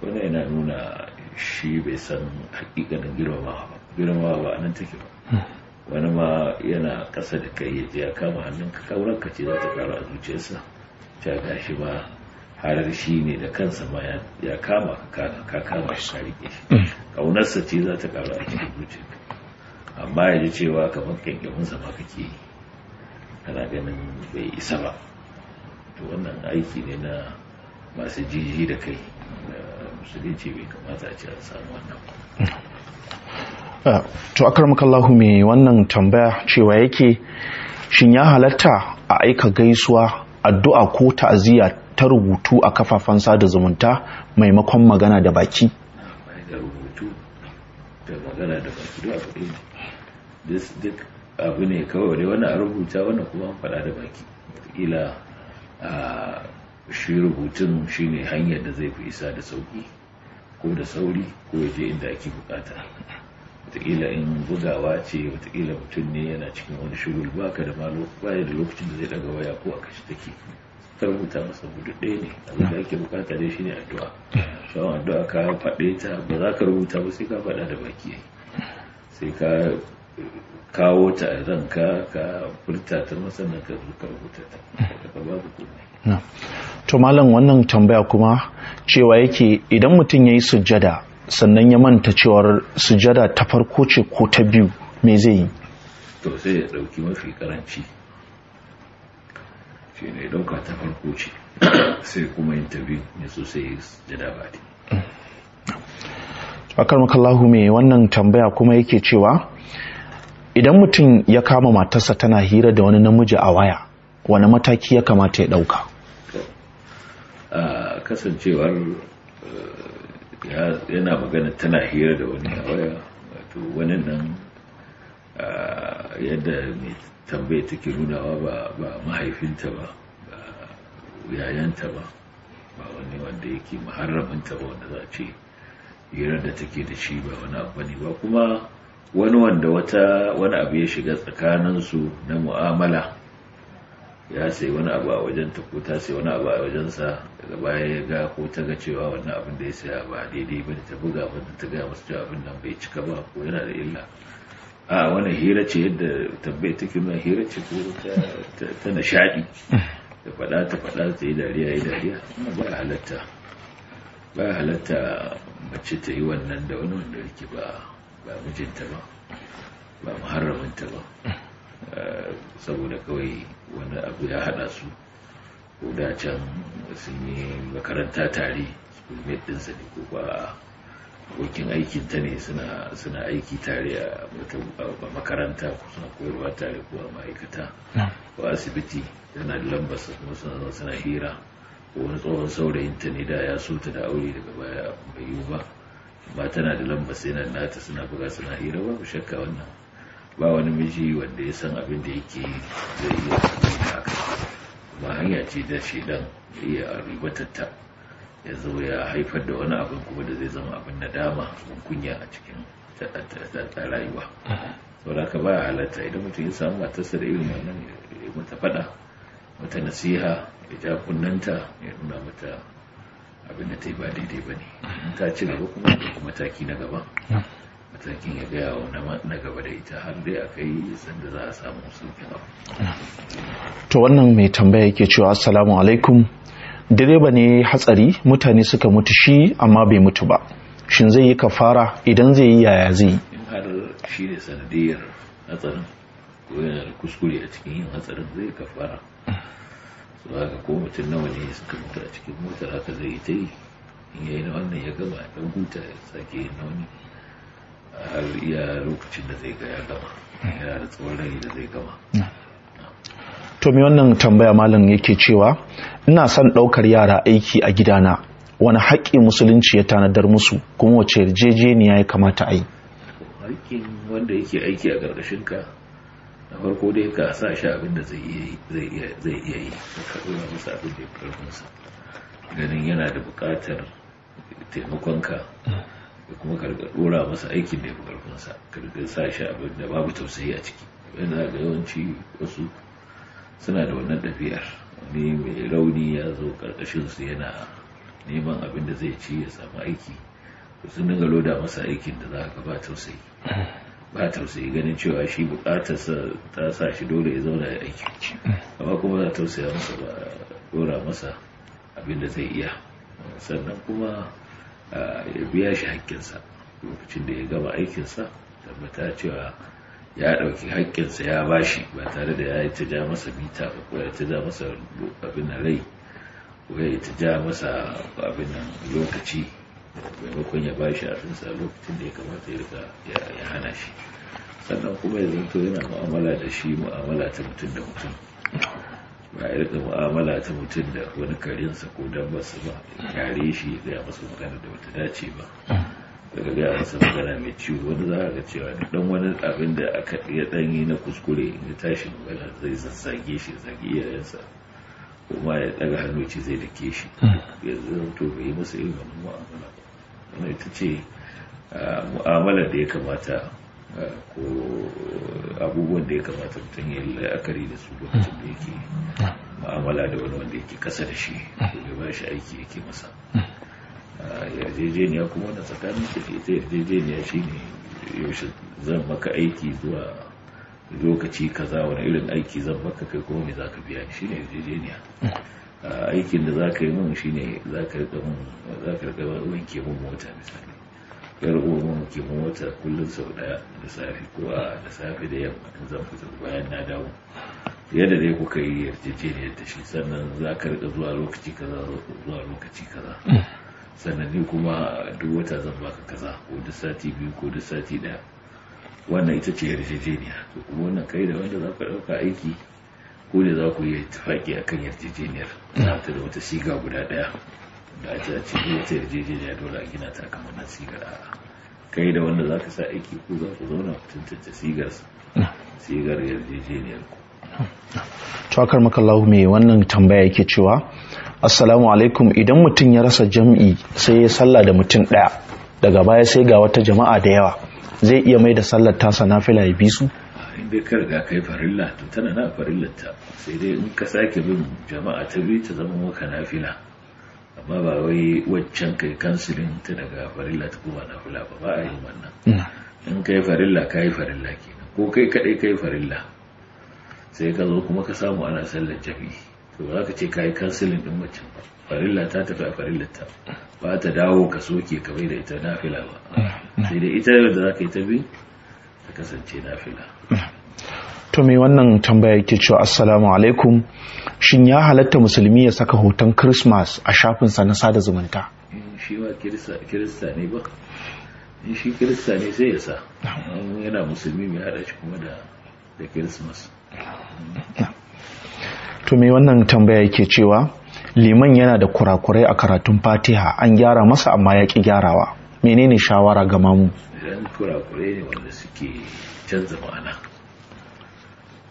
wannan yana nuna shi bai san hakikanin girmamawa ba girmamawa ba nan take ba wani ma yana ƙasa da kai ya ya kama hannunka ka ce za ta ƙara a zuciyarsa ta gashi ma harar shi ne da kansa ma ya kama ka kama shi ka rike shi mm. ƙaunarsa ce za ta ƙara a cikin zuciyarka amma ya ji cewa kamar kyankyaminsa ma kake yi kana ganin bai isa ba to wannan aiki ne na masu jiji da kai musulunci bai kamata a ce an samu wannan mm. to akarmakallahu mai wannan tambaya cewa yake shin ya halatta a aika gaisuwa addu'a ko ta'aziyya ta rubutu a kafafen sada zumunta maimakon magana da baki duk abu ne kawai wani a rubuta wani kuma da baki ila shi rubutun shine hanyar da zai fi isa da sauki ko da sauri ko ya je inda ake bukata wataƙila in bugawa ce wataƙila mutum ne yana cikin wani shugul ba ka da malo baya da lokacin da zai daga waya ko a kashi take kar huta masa gudu ɗaya ne abin da ake bukata dai shine addu'a sauran addu'a ka faɗe ta ba za ka rubuta ba sai ka faɗa da baki sai ka kawo ta a ranka ka furta ta masana ka zo rubuta ta daga babu komai to malam wannan tambaya kuma cewa yake idan mutum ya yi sujjada sannan ya manta cewar sujada ta farko ce ko ta biyu me zai yi to sai ya dauki mafi karanci shi ne dauka ta farko ce sai kuma yin ta biyu ne so sai sujada ba ta akar makallahu mai wannan tambaya kuma yake cewa idan mutum ya kama matarsa tana hira da wani namiji a waya wani mataki ya kamata ya dauka kasancewar eh, yana magana tana hira da wani a wato wani nan yadda mai tambaye take nunawa ba mahaifinta ba ba yayanta ba ba wani wanda yake maharaminta ba wanda za a ce hira da take da shi ba wani abu ba kuma wani wanda wata wani abu ya shiga tsakaninsu na mu'amala ya sai wani abu a wajenta ko ta sai wani abu a wajensa daga baya ya ga ko ta ga cewa wannan abin da ya saya ba daidai ba ta buga da ta gaya masu cewa abin nan bai cika ba ko yana da illa a wani hira ce yadda tabbai ta kima hira ce ko ta nishaɗi da faɗa ta faɗa ta yi dariya yi dariya ba halatta ba halatta mace ta yi wannan da wani wanda yake ba ba mijinta ba ba muharraminta ba eh, saboda kawai wani abu ya haɗa su ko da can sun yi makaranta tare ne ɗinsa ne ko ba abokin aikin ta ne suna aiki tare a makaranta ko suna koyarwa tare ko a ma'aikata ko asibiti yana da lambasa kuma suna suna hira ko wani tsohon saurayin ta ne da ya so da aure daga baya bai yiwu ba ba tana da lambasa yana nata suna buga suna hira ba ku shakka wannan ba wani miji wanda ya san abin da yake zai iya haka ma hanya ce da shi dan iya ribatatta ya zo ya haifar da wani abin kuma da zai zama abin na dama abin kunya a cikin rayuwa saboda ka baya halatta idan mutum ya samu matarsa da irin wannan ya mata fada mata nasiha ya ja kunnanta ya nuna mata abin da ta yi ba daidai ba ne ta ci gaba kuma mataki na gaba sarkin ya gaya wa na gaba da ita har dai a kai za a samu sulkin to wannan mai tambaya yake cewa assalamu alaikum direba ne hatsari mutane suka mutu shi amma bai mutu ba shin zai yi kafara idan zai yi yaya zai yi in har shi ne sanadiyar hatsarin ko yana da kuskure a cikin yin hatsarin zai kafara su haka ko mutum nawa ne suka mutu a cikin motar haka zai yi ta yi in yayi na wannan ya gama ya huta ya sake yin na wani har iya lokacin da zai ga ya gama hmm. yana da tsoron rai da zai gama hmm. to wannan tambaya malam yake cewa ina son ɗaukar yara aiki a gidana wani haƙƙi musulunci ya tanadar musu kuma wace yarjejeniya ya kamata a yi haƙƙin wanda yake aiki a ƙarƙashin ka na farko dai ka sa shi abin da zai iya yi ka na masa abin da ya fi ganin yana da buƙatar taimakonka hmm. kuma karkar dora masa aikin da ya fi karfinsa karkar sa shi abin da babu tausayi a ciki yana da yawanci wasu suna da wannan ɗabi'ar wani mai rauni ya zo karkashin su yana neman abin da zai ci ya samu aiki to sun dinga loda masa aikin da za ka ba tausayi ba tausayi ganin cewa shi sa ta sa shi dole ya zauna ya aiki amma kuma za tausaya masa ba dora masa abin da zai iya sannan kuma ya biya shi haƙƙinsa lokacin da ya gama aikinsa tabbata cewa ya ɗauki haƙƙinsa ya bashi ba tare da ya yi ta ja masa bita ba ko ya ta ja masa abin da rai ko ya yi ta ja masa abin nan lokaci maimakon ya bashi abinsa lokacin da ya kamata ya riga ya hana shi sannan kuma ya zanto yana mu'amala da shi mu'amala ta mutum da mutum ba ya rika mu'amala ta mutum da wani karinsa ko dan ba yare shi ya basu masa magana da bata dace ba daga a masa magana mai ciwo wani za ga cewa da dan wani abin da aka ya dan yi na kuskure in ya tashi magana zai zazzage shi zage iyayensa kuma ya daga hannu ce zai dake shi yanzu to bai yi masa irin wannan mu'amala ba ita ce ah, mu'amala da ya kamata ko abubuwan da ya kamata mutum ya la'akari da su lokacin da yake ma'amala da wani wanda yake kasa da shi da ba shi aiki yake masa ah, yarjejeniya kuma wanda tsakanin ta ke ta yarjejeniya shi ne yaushe zan maka aiki zuwa lokaci kaza wani irin aiki zan maka kai kuma me za ka biya shi ne yarjejeniya ah, aikin da za ka yi mun shi ne za ka rika wanke mun mota misali yar uwan ke wata kullum sau daya da safe ko a da safe da yamma in zan fita bayan na dawo yadda dai kuka yi yarjejeniyar da shi sannan za ka rika zuwa lokaci kaza zuwa lokaci kaza sannan ni kuma duk wata zan baka kaza ko duk sati biyu ko duk sati daya wannan ita ce yarjejeniya to kuma wannan kai da wanda za ka ɗauka aiki ko da za ku yi tafaki akan yarjejeniyar za ta da wata shiga guda ɗaya da a ce a yarjejeniya dole a gina ta kamar na sigar a kai da wanda za ka sa aiki ko za ku zauna ku tantance sigar sigar yarjejeniyar ku makallahu mai wannan tambaya yake cewa assalamu alaikum idan mutum ya rasa jam'i sai ya sallah da mutum daya daga baya sai ga wata jama'a da yawa zai iya mai da sallar tasa na fila ya bi su inda ka riga kai farilla to tana na ta sai dai in ka sake bin jama'a ta bi ta zama maka nafila amma ba wai waccan kai kansilin ta daga farilla ta kuma na fula ba ba a yi wannan in kai farilla ka yi farilla kenan ko kai kadai yi farilla sai ka zo kuma ka samu ana sallar jami'i to za ka ce ka yi kansilin din waccan farilla ta tafi a farilla ta ba ta dawo ka soke ka bai da ita nafila ba sai dai ita da za ka yi ta bi ta kasance nafila to mai wannan tambaya yake cewa assalamu alaikum shin ya halatta musulmi ya saka hoton christmas a shafinsa na sada zumunta shi to mai wannan tambaya yake cewa liman yana da kurakurai a karatun fatiha an gyara masa amma ya ki gyarawa menene shawara ga mamu kurakurai ne wanda suke canza ma'ana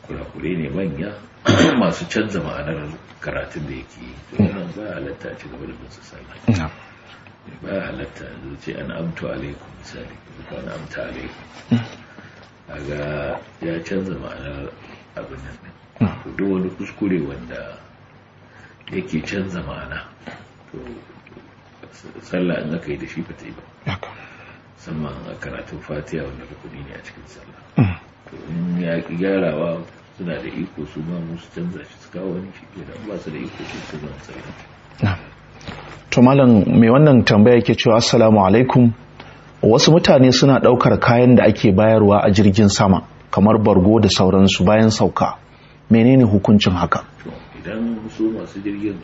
kurakure ne manya masu canza ma'anar karatun da yake to yana ba halatta a ci gaba da binsu sallah ba halatta a ce an amtu alaikum misali ko an amta alaikum ga ya canza ma'anar abin nan to duk wani kuskure wanda yake canza ma'ana to sallah an zaka yi da shi ba ta yi ba musamman a karatun Fatiya wanda rukuni ne a cikin sallah mm. ya ki gyarawa suna da iko su ma musu canza shi su wani shi da ba su da iko su su zan tsaya to malam mai wannan tambaya ke cewa assalamu alaikum wasu mutane suna daukar kayan da ake bayarwa a jirgin sama kamar bargo da sauransu bayan sauka menene hukuncin haka idan su masu jirgin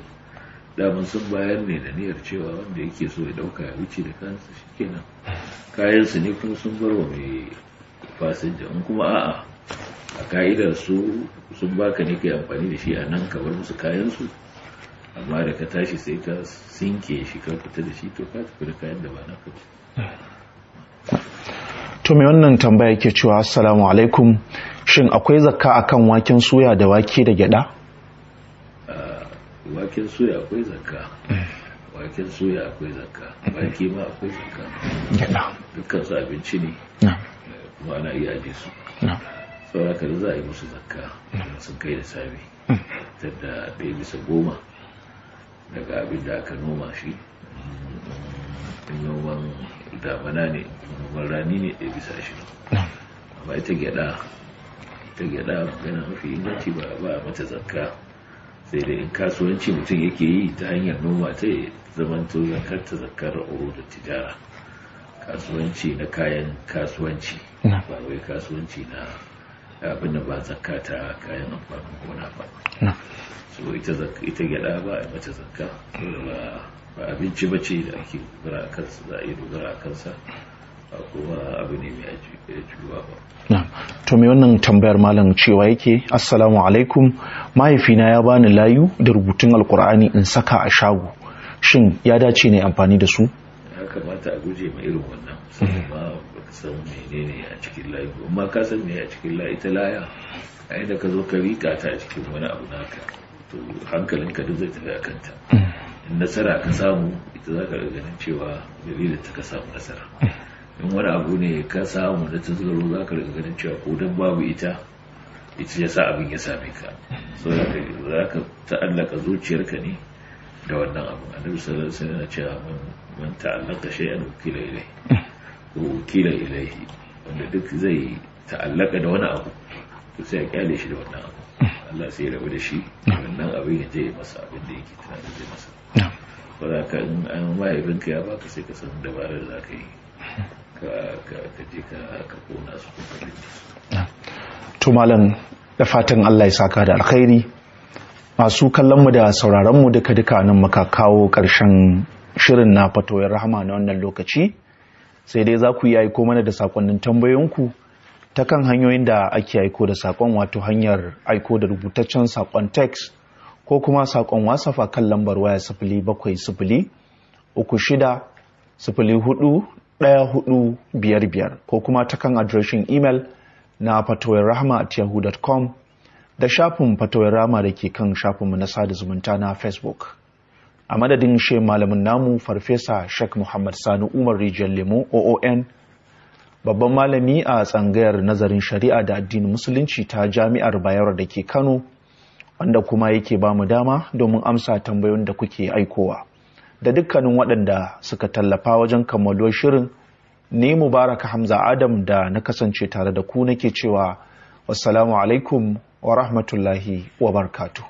daman sun bayar ne da niyyar cewa wanda yake so ya dauka ya wuce da kansa shikenan kayan su ne kuma sun bar wa mai fasinja in kuma a'a a ka'idar su sun baka ne kai amfani da shi a nan ka bar musu kayansu amma da ka tashi sai ka sinke shi ka fita da shi to ka tafi da kayan da ba na ka to mai wannan tambaya ke cewa assalamu alaikum shin akwai zakka akan waken suya da wake da gyada waken suya akwai zakka waken suya akwai zakka wake ma akwai zakka dukkan su abinci ne ba ana iya ajiye su saboda kada za a yi musu zakka sun kai da sami da ɗaya bisa goma daga abin da aka noma shi mm, noman damana ne noman rani ne ɗaya bisa shi amma ita gyada ita gyaɗa yana mafi inganci ba a mata zakka sai da in kasuwanci mutum yake yi ta hanyar noma ta zamanto zakar ta zakar oro da tijara kasuwanci na kayan kasuwanci ba wai kasuwanci na abin da ba zakka ta kayan amfanin gona ba so ita ita gyada ba a mata zakka ba abinci ba ce da ake dogara a kansa za a yi dogara a kansa ba kuma abu ne mai ajiyuwa ba to mai wannan tambayar malam cewa yake assalamu alaikum mahaifina ya bani layu da rubutun alkur'ani in saka a shago shin ya dace ne amfani da su kamata a guje ma irin wannan ba ka san menene a cikin layi amma ka san me a cikin layi ta laya a inda ka zo ka rika ta a cikin wani abu naka to hankalinka duk zai tafi a kanta in nasara ka samu ita za ka ganin cewa dalilin ta ka samu nasara in wani abu ne ka samu da ta zuro za ka ganin cewa ko dan babu ita ita ya sa abin ya same ka so za ka ta'allaka zuciyarka ne da wannan abu annabi sallallahu alaihi wasallam yana cewa من تعلق شيئا وكيل ilayhi وكيل ilayhi wanda duk zai ta'allaka da wani abu to sai a kyale shi da wannan abu eh. Allah sai ya rabu da shi eh. wannan abin ya je masa abin da yake tunanin zai masa eh. ba za ka in an mahaifinka ya baka sai ka san dabarar za ka da fatan Allah ya saka da alkhairi masu kallon mu da sauraron mu duka duka nan muka kawo ƙarshen shirin na fatoyin rahama na wannan lokaci sai dai za ku yi aiko mana da sakonnin tambayoyinku ta kan hanyoyin da ake aiko da sakon wato hanyar aiko da rubutaccen sakon text ko kuma sakon a kan lambar waya sifili bakwai sifili uku shida sifili hudu daya hudu biyar biyar ko kuma ta kan adireshin email na fatoyin rahama at yahoo.com da shafin fatoyin rahama da ke kan shafinmu na sada zumunta na facebook a madadin she malamin namu farfesa Sheikh Muhammad Sani Umar Rijiyar Lemo OON babban malami a tsangayar nazarin shari'a da addinin musulunci ta jami'ar Bayero da ke Kano wanda kuma yake ba mu dama domin amsa tambayoyin da kuke aikowa da dukkanin waɗanda suka tallafa wajen kammaluwar shirin ni Mubaraka Hamza Adam da na kasance tare da ku nake cewa wassalamu alaikum wa rahmatullahi wa barkatu.